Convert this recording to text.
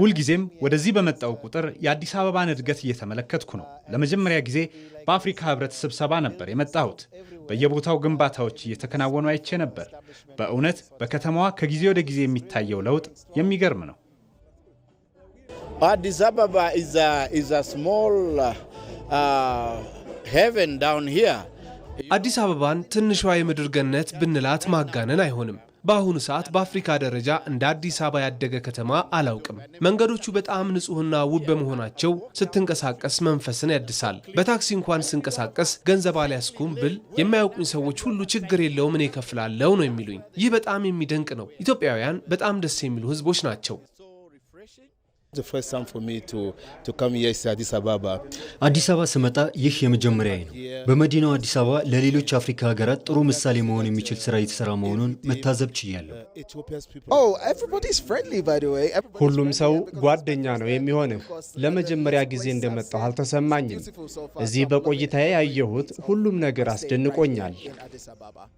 ሁልጊዜም ወደዚህ በመጣው ቁጥር የአዲስ አበባን እድገት እየተመለከትኩ ነው። ለመጀመሪያ ጊዜ በአፍሪካ ህብረት ስብሰባ ነበር የመጣሁት። በየቦታው ግንባታዎች እየተከናወኑ አይቼ ነበር። በእውነት በከተማዋ ከጊዜ ወደ ጊዜ የሚታየው ለውጥ የሚገርም ነው። አዲስ አበባ uh, አዲስ አበባን ትንሿ የምድር ገነት ብንላት ማጋነን አይሆንም። በአሁኑ ሰዓት በአፍሪካ ደረጃ እንደ አዲስ አበባ ያደገ ከተማ አላውቅም። መንገዶቹ በጣም ንጹህና ውብ በመሆናቸው ስትንቀሳቀስ መንፈስን ያድሳል። በታክሲ እንኳን ስንቀሳቀስ ገንዘብ አልያዝኩም ብል የማያውቁኝ ሰዎች ሁሉ ችግር የለውም እኔ እከፍላለሁ ነው የሚሉኝ። ይህ በጣም የሚደንቅ ነው። ኢትዮጵያውያን በጣም ደስ የሚሉ ህዝቦች ናቸው። አዲስ አበባ ስመጣ ይህ የመጀመሪያ ነው። በመዲናው አዲስ አበባ ለሌሎች አፍሪካ ሀገራት ጥሩ ምሳሌ መሆን የሚችል ስራ እየተሰራ መሆኑን መታዘብ ችያለሁ። oh, ሁሉም ሰው ጓደኛ ነው የሚሆንህ። ለመጀመሪያ ጊዜ እንደመጣሁ አልተሰማኝም። እዚህ በቆይታዬ ያየሁት ሁሉም ነገር አስደንቆኛል።